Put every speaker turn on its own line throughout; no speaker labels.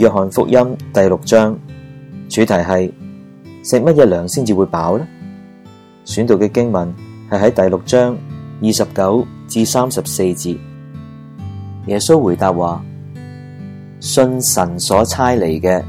約翰福音第六章主題係食乜嘢糧先至會飽呢？選讀嘅經文係喺第六章二十九至三十四節。耶穌回答話：信神所差嚟嘅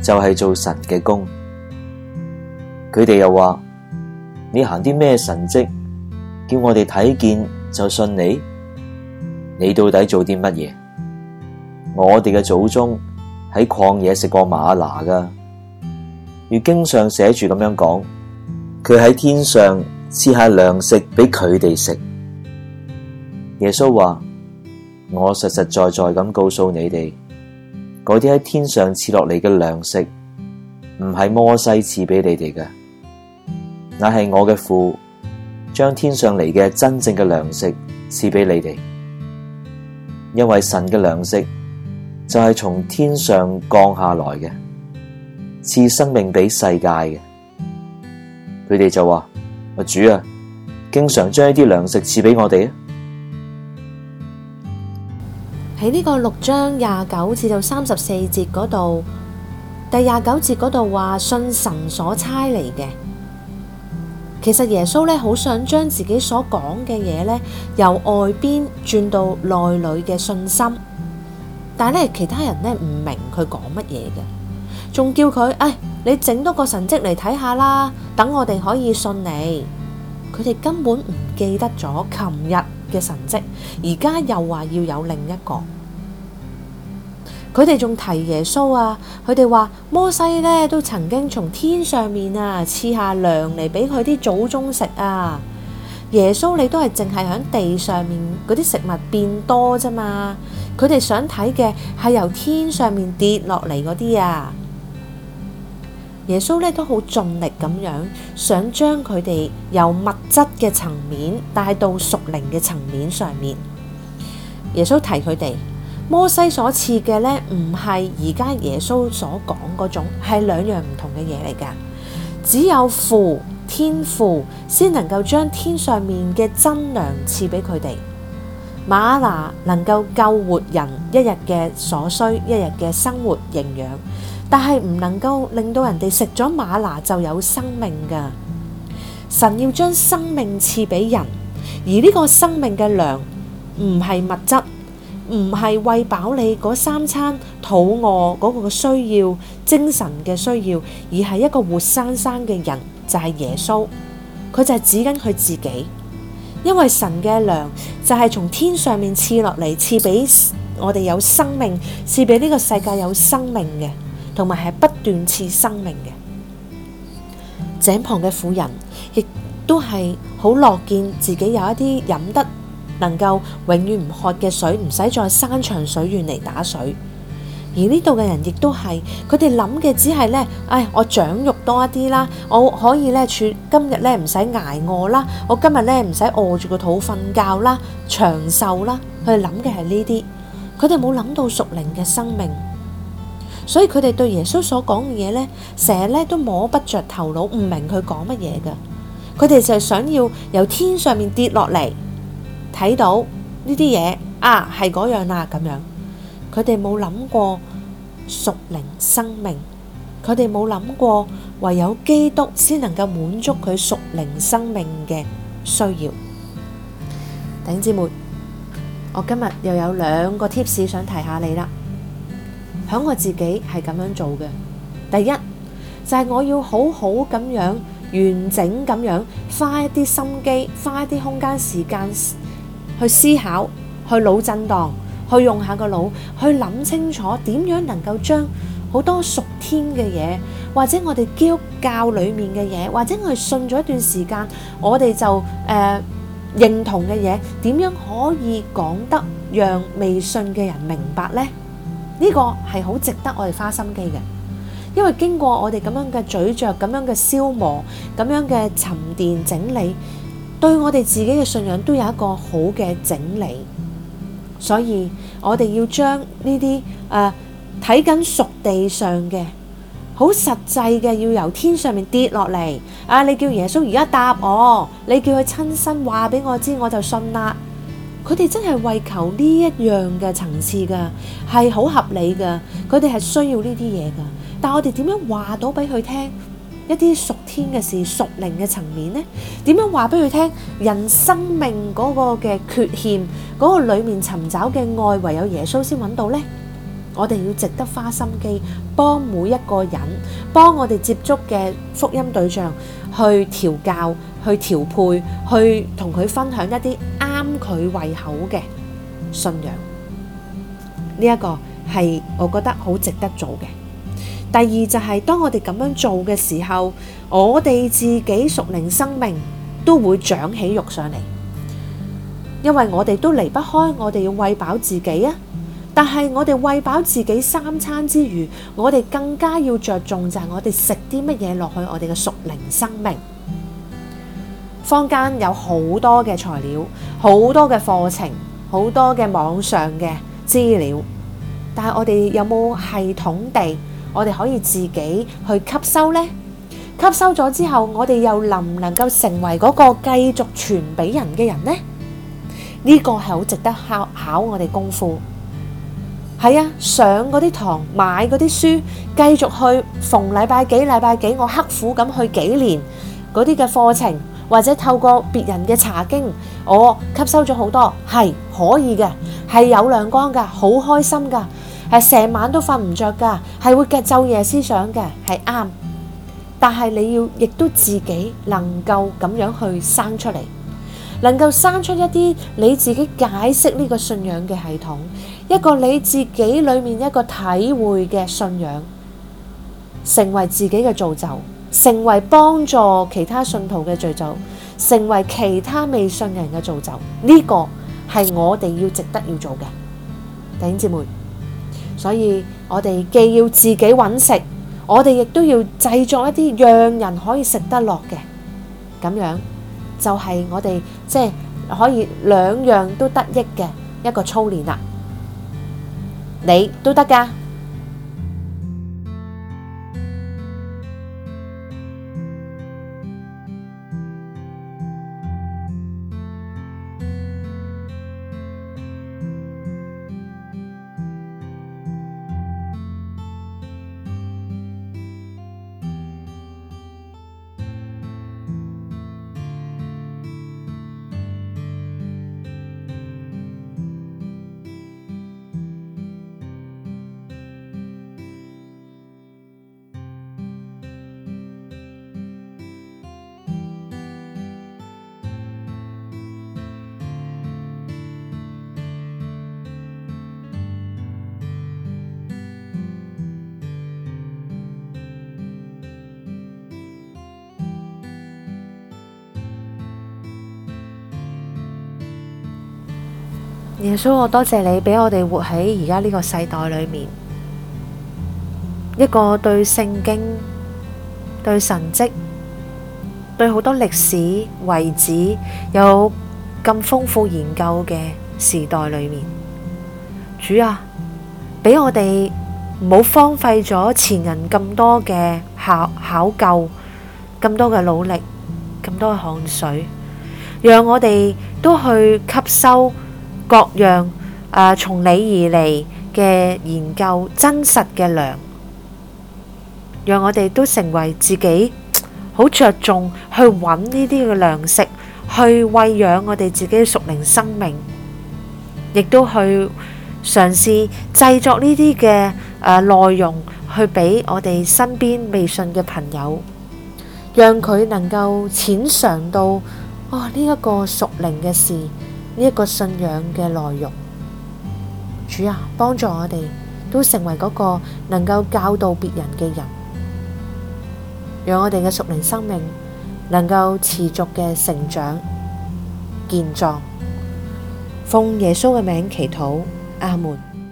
就係、是、做神嘅工。」佢哋又話：你行啲咩神蹟叫我哋睇見就信你？你到底做啲乜嘢？我哋嘅祖宗。喺曠野食過馬拿噶，如經上寫住咁樣講，佢喺天上賜下糧食俾佢哋食。耶穌話：，我實實在在咁告訴你哋，嗰啲喺天上賜落嚟嘅糧食，唔係摩西賜俾你哋嘅，乃係我嘅父將天上嚟嘅真正嘅糧食賜俾你哋，因為神嘅糧食。就係、是、從天上降下來嘅，賜生命俾世界嘅。佢哋就話，阿主啊，經常將一啲糧食賜俾我哋啊。
喺呢個六章廿九至到三十四節嗰度，第廿九節嗰度話信神所差嚟嘅。其實耶穌咧，好想將自己所講嘅嘢咧，由外邊轉到內裏嘅信心。但係咧，其他人咧唔明佢講乜嘢嘅，仲叫佢，唉、哎，你整多個神蹟嚟睇下啦，等我哋可以信你。佢哋根本唔記得咗琴日嘅神蹟，而家又話要有另一個。佢哋仲提耶穌啊，佢哋話摩西咧都曾經從天上面啊賜下糧嚟俾佢啲祖宗食啊，耶穌你都係淨係喺地上面嗰啲食物變多啫嘛。佢哋想睇嘅係由天上面跌落嚟嗰啲啊！耶穌咧都好盡力咁樣，想將佢哋由物質嘅層面帶到屬靈嘅層面上面。耶穌提佢哋，摩西所賜嘅咧，唔係而家耶穌所講嗰種，係兩樣唔同嘅嘢嚟噶。只有父天父先能夠將天上面嘅真糧賜俾佢哋。馬拿能夠救活人一日嘅所需，一日嘅生活營養，但係唔能夠令到人哋食咗馬拿就有生命噶。神要將生命賜俾人，而呢個生命嘅糧唔係物質，唔係餵飽你嗰三餐肚餓嗰個需要、精神嘅需要，而係一個活生生嘅人，就係耶穌，佢就係指緊佢自己。因為神嘅糧就係從天上面賜落嚟，賜俾我哋有生命，賜俾呢個世界有生命嘅，同埋係不斷賜生命嘅。井旁嘅婦人亦都係好樂見自己有一啲飲得能夠永遠唔渴嘅水，唔使再山長水遠嚟打水。而呢度嘅人亦都係，佢哋諗嘅只係呢：哎「唉，我長肉多一啲啦，我可以呢。今今日呢，唔使捱餓啦，我今日呢，唔使餓住個肚瞓覺啦，長壽啦，佢哋諗嘅係呢啲，佢哋冇諗到屬靈嘅生命，所以佢哋對耶穌所講嘅嘢，呢，成日呢都摸不着頭腦，唔明佢講乜嘢㗎，佢哋就係想要由天上面跌落嚟，睇到呢啲嘢，啊，係嗰樣啦，咁樣。佢哋冇諗過屬靈生命，佢哋冇諗過唯有基督先能夠滿足佢屬靈生命嘅需要。弟兄姊妹，我今日又有兩個 tips 想提下你啦。響我自己係咁樣做嘅，第一就係我要好好咁樣完整咁樣花一啲心機，花一啲空間時間去思考，去腦震盪。去用下個腦，去諗清楚點樣能夠將好多屬天嘅嘢，或者我哋基督教裏面嘅嘢，或者我哋信咗一段時間，我哋就誒、呃、認同嘅嘢，點樣可以講得讓未信嘅人明白呢？呢、呢個係好值得我哋花心機嘅，因為經過我哋咁樣嘅咀嚼、咁樣嘅消磨、咁樣嘅沉澱整理，對我哋自己嘅信仰都有一個好嘅整理。所以我哋要將呢啲誒睇緊屬地上嘅好實際嘅，要由天上面跌落嚟啊！你叫耶穌而家答我，你叫佢親身話俾我知，我就信啦。佢哋真係為求呢一樣嘅層次㗎，係好合理㗎。佢哋係需要呢啲嘢㗎，但我哋點樣話到俾佢聽？一啲屬天嘅事、屬靈嘅層面呢，點樣話俾佢聽？人生命嗰個嘅缺陷，嗰個裏面尋找嘅愛，唯有耶穌先搵到呢。我哋要值得花心機幫每一個人，幫我哋接觸嘅福音對象去調教、去調配、去同佢分享一啲啱佢胃口嘅信仰。呢一個係我覺得好值得做嘅。第二就係、是，當我哋咁樣做嘅時候，我哋自己屬靈生命都會長起肉上嚟，因為我哋都離不開，我哋要餵飽自己啊。但係我哋餵飽自己三餐之餘，我哋更加要着重就係我哋食啲乜嘢落去，我哋嘅屬靈生命。坊間有好多嘅材料，好多嘅課程，好多嘅網上嘅資料，但係我哋有冇系統地？我哋可以自己去吸收呢，吸收咗之後，我哋又能唔能夠成為嗰個繼續傳俾人嘅人呢？呢個係好值得考考我哋功夫。係啊，上嗰啲堂，買嗰啲書，繼續去逢禮拜幾禮拜幾，我刻苦咁去幾年嗰啲嘅課程，或者透過別人嘅查經，我吸收咗好多，係可以嘅，係有亮光噶，好開心噶。係成晚都瞓唔著噶，係會嘅。晝夜思想嘅，係啱，但係你要亦都自己能夠咁樣去生出嚟，能夠生出一啲你自己解釋呢個信仰嘅系統，一個你自己裏面一個體會嘅信仰，成為自己嘅造就，成為幫助其他信徒嘅造就，成為其他未信人嘅造就。呢個係我哋要值得要做嘅，弟兄姊妹。所以我哋既要自己揾食，我哋亦都要製作一啲讓人可以食得落嘅。咁樣，就係我哋即係可以兩樣都得益嘅一個操練啦。你都得噶。耶穌，我多謝你俾我哋活喺而家呢個世代裏面，一個對聖經、對神跡、對好多歷史遺址有咁豐富研究嘅時代裏面。主啊，俾我哋唔好荒廢咗前人咁多嘅考考究，咁多嘅努力，咁多嘅汗水，讓我哋都去吸收。各樣啊，從你而嚟嘅研究真實嘅糧，讓我哋都成為自己好著重去揾呢啲嘅糧食，去餵養我哋自己嘅屬靈生命，亦都去嘗試製作呢啲嘅啊內容，去俾我哋身邊未信嘅朋友，讓佢能夠淺嘗到啊呢一個屬靈嘅事。呢、這個信仰嘅內容，主啊，幫助我哋都成為嗰個能夠教導別人嘅人，讓我哋嘅屬靈生命能夠持續嘅成長、健壯。奉耶穌嘅名祈禱，阿門。